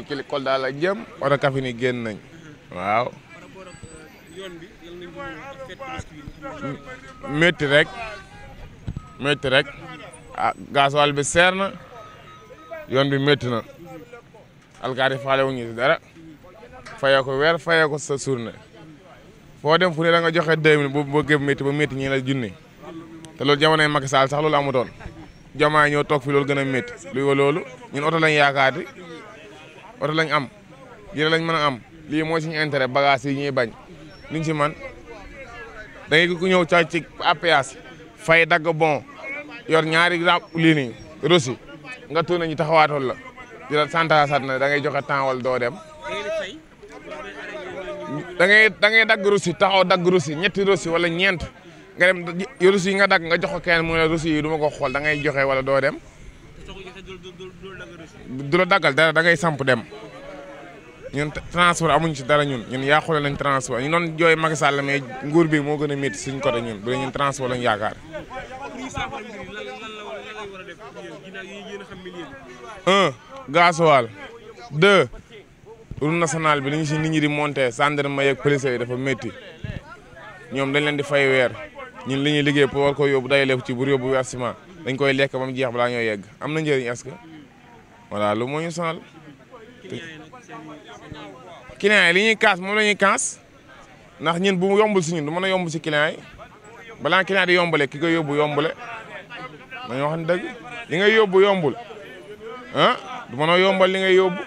nii kili Kolda la jëm oto Kaffrine génn nañ waaw métti rek metti rek ah gasoil bi seer na yoon bi métti na alkaati faale wu dara fayee weer fayee ko sa surne foo dem fu ne da nga joxe deux mille bu ba métti ñi la junni te loolu jamonoy Macky Sall sax loolu amutoon jamono ñoo toog fi loolu gën a métti luy wa loolu ñun oto lañ yaakaati oto lañ am yére lañ mën a am lii mooy suñu intérêt bagage yi ñuy bañ liñ si man da ngay ku ñëw ca ci APS fay dagg bon yor ñaari ra lii nii rosi nga tuur nañu taxawaatul la di santa santaasat na da ngay joxe temps wala doo dem da ngay da ngay dagg rosi taxaw dagg rosi ñetti rosi wala ñeent nga dem rosi yi nga dagg nga jox ko kenn mu ne rosi yi du ma ko xool da ngay joxe wala doo dem du la daggal dara da ngay samp dem ñun transport amuñ ci dara ñun ñun yaa lañ transport ñu doon jooy Macky Sall nguur bi moo gën a métti suñ côté ñun bu dee ñun transport lañ yaakaar. un gasoil deux route nationale bi ni ñu si nit ñi di monté gendarme yeeg police yi dafa métti ñoom dañ leen di fay weer ñun li ñuy liggéey pour war ko yóbbu day leef ci bu yóbbu weer ciment dañ koy lekk ba mu jeex balaa ñoo yegg am na njëriñ est-ce voilà lu moo ñu sonal. client li ñuy kaas moom la ñuy kaas ndax ñun bu yombul si ñun du mën a yomb si client balaa client di yombale ki koy yóbbu yombale dañoo wax ne dëgg li ngay yóbbu yombul ah du mën a yombal li ngay yóbbu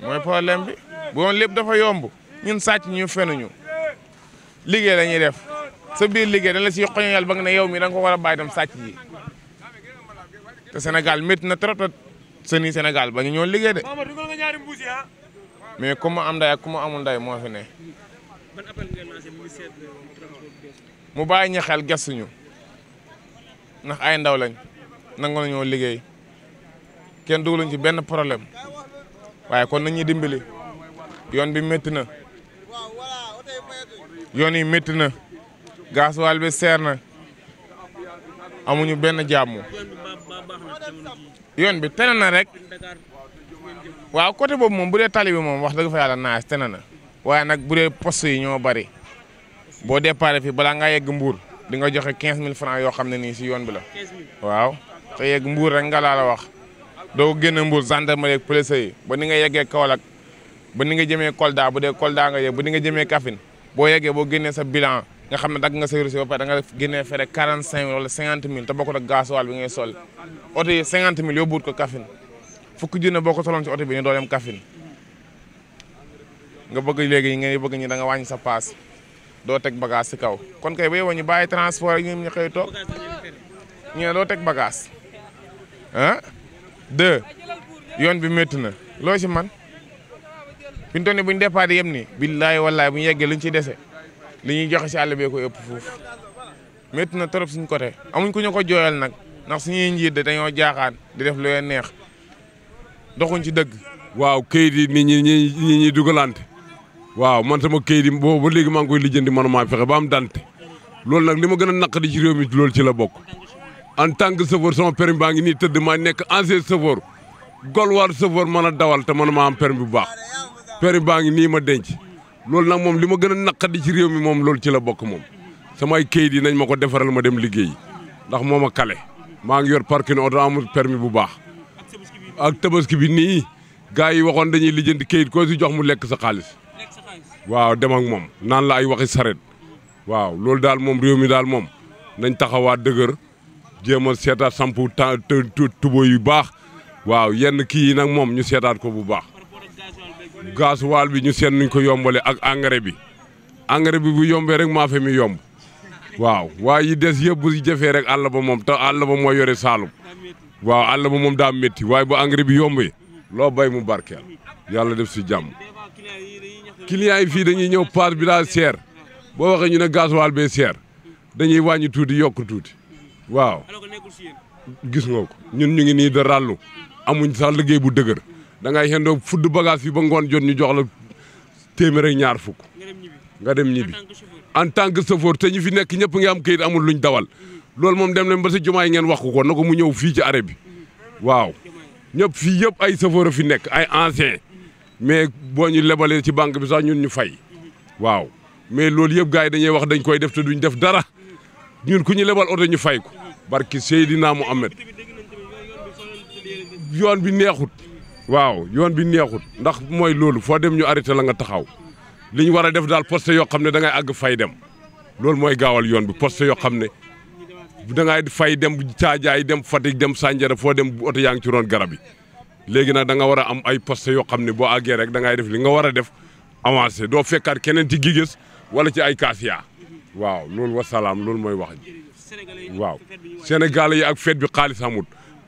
mooy problème bi bu lépp dafa yomb ñun sàcc ñu fenuñu liggéey la ñuy def. sa biir liggéey dañ la siy xoñoñal ba nga ne yow mi da ko war a bàyyi sac sàcc yi te Sénégal métti na trop trop sëni Sénégal ba ñu ñoo liggéey de ah. mais ku am nday ak moo fi ne euh, mu bàyyi ñu xel gestuñu ndax ay ndaw lañ nangu nañoo liggéey kenn dugaluñ ci benn problème waaye kon nañuy dimbali yoon bi mettina na yoon yi métti gaasuwaal bi seer na amuñu benn jàmm yoon bi tene na rek waaw côté boobu moom bu dee tali bi moom wax dëgg fa yàlla naaj tene na waaye nag bu dee poste yi ñoo bari boo déparé fii balaa ngaa yegg mbuur di nga joxe quinze mille franc yoo xam ne nii si yoon bi la waaw te yegg mbuur rek nga laa la wax doo génn mbuur gendarmerie ak police yi ba ni nga yeggee Kaolack ba ni nga jëmee Kolda bu dee Kolda nga yegg ba ni nga jëmee Kaffrine boo yeggee boo génnee sa bilan nga xam ne dagg nga say reçu ba pare da nga génnee fere quarante cinq mille wala cinquante mille te bokkul ak gasoil bi ngay sol oto yi cinquante mille ko kafin fukki junne boo ko soloon ci oto bi ni doo dem nga bëgg léegi nga bëgg ñi da nga wàññi sa paas doo teg bagage si kaw kon kay ba yow ñu bàyyi transport ak ñoom ñu xëy toog ñu ne doo teg bagaas ah deux yoon bi métti na loo si man fi mu toll nii bu ñu départ yem nii. billaay wallaay bu ñu yeggee lu ñu ciy dese. li ñuy joxe si àll bee ko ëpp foofu metti na trop suñ côté amuñ ko ñu ko jooyal nag ndax suñuy njiit dañoo jaaxaan di def lu leen neex doxuñ ci dëgg. waaw kayit yi nit ñi ñi ñi dugalante waaw man sama kayit yi boobu ba léegi maa ngi koy lijjanti manuma fexe ba am dante lool nag li ma gën a naqari ci réew mi loolu ci la bokk en tant que chauffeur sama permis baa ngi nii tëdd maa nekk ancien chauffeur golwaar chauffeur mën a dawal te man maa am permis bu baax permis baa ngi nii ma denc. loolu nag moom li ma gën a naqadi ci réew mi moom loolu ci la bokk moom samay kayit yi nañ ma ko defaral ma dem liggéey ndax moom ma kale maa ngi yor parking oto amul permis bu baax ak tabaski bi nii gars yi waxoon dañuy lijjanti kayit koo si jox mu lekk sa xaalis waaw dem ak moom nan la ay waxi saret waaw loolu daal moom réew mi daal moom nañ taxawaat dëgër jéem a seetaat sampu tubo yu baax waaw yenn kii yi nag moom ñu seetaat ko bu baax gasoil bi ñu seen nuñ ko yombale ak engrais bi engrais bi bu yombee rek maafe mi yomb waaw waaye yi des yëpp bu jafee rek àll ba moom te àll ba mooy yore saalum waaw àll ba moom daa métti waaye bu engrais bi yombee loo bay mu barkeel yàlla def si jàmm clients fii dañuy ñëw paas bi daa seer boo waxee ñu ne gasoil bee seer dañuy wàññi tuuti yokk tuuti waaw gis nga ko ñun ñu ngi nii da ràllu amuñ sax bu dëgër dangay ngay xëndoo fudd bagage bi ba ngoon jot ñu jox la téeméer ñaar fukk nga dem ñibbi en tant que chauffeur te ñu fi nekk ñëpp nga am kayit amul luñ dawal mhm. lool moom dem leen ba sa jumaay ngeen wax ko na ko mu ñëw fii ci arrêt mhm. waaw ñëpp fii yëpp ay chauffeur fi nekk ay ancien mhm. mais boo ñu lebalee ci banque bi sax ñun ñu fay waaw mais loolu yëpp gars yi dañuy wax dañ koy def te duñ def dara ñun ku ñu lebal oto ñu fay ko barki mu amet yoon bi neexut waaw yoon bi neexut ndax mooy loolu foo dem ñu arrêté la nga taxaw li ñu war a def daal poste yoo xam ne da ngay àgg fay dem loolu mooy gaawal yoon bi poste yoo xam ne da ngay fay dem caajaay dem Fatick dem Sandiara foo dem oto yaa ngi ci roon garab yi léegi nag danga war a am ay poste yoo xam ne boo àggee rek da ngay def li nga war a def avancé doo fekkaat keneen ci giges wala ci ay kaasiya waaw loolu wasalaam loolu mooy wax ji waaw sénégalais yi ak fête bi xaalis amut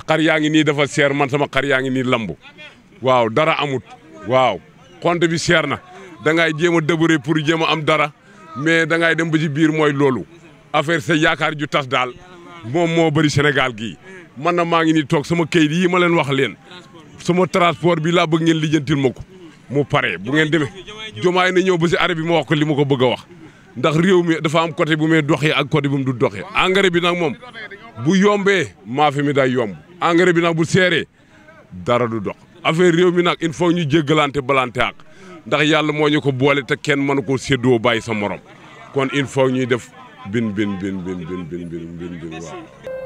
xar yaa ngi nii dafa seer man sama xar yaa ngi nii lambu waaw dara amut waaw xonte bi seer na da ngay jéem a débrouiller pour jéem a am dara mais dangay dem ba ci biir mooy loolu affaire sa yaakaar ju tas daal moom moo bëri Sénégal gii man na maa ngi nii toog sama kayit yii ma leen wax leen sama transport bi laa bëgg ngeen lijjantil ma ko mu pare bu ngeen demee jomaay na ñëw ba si arrêt bi ma wax ko li ma ko bëgg a wax ndax réew mi dafa am côté bu muy doxee ak côté bu mu du doxee engrais bi nag moom bu yombee maafe mi day yomb engrais bi nag bu seeree dara du dox affaire réew mi nag il faut ñu jéggalante balante ak ndax yàlla moo ñu ko boole te kenn mënu ko séddoo bàyyi sa morom kon il faut ñuy def bin bin bin bin bin bin bin bin waaw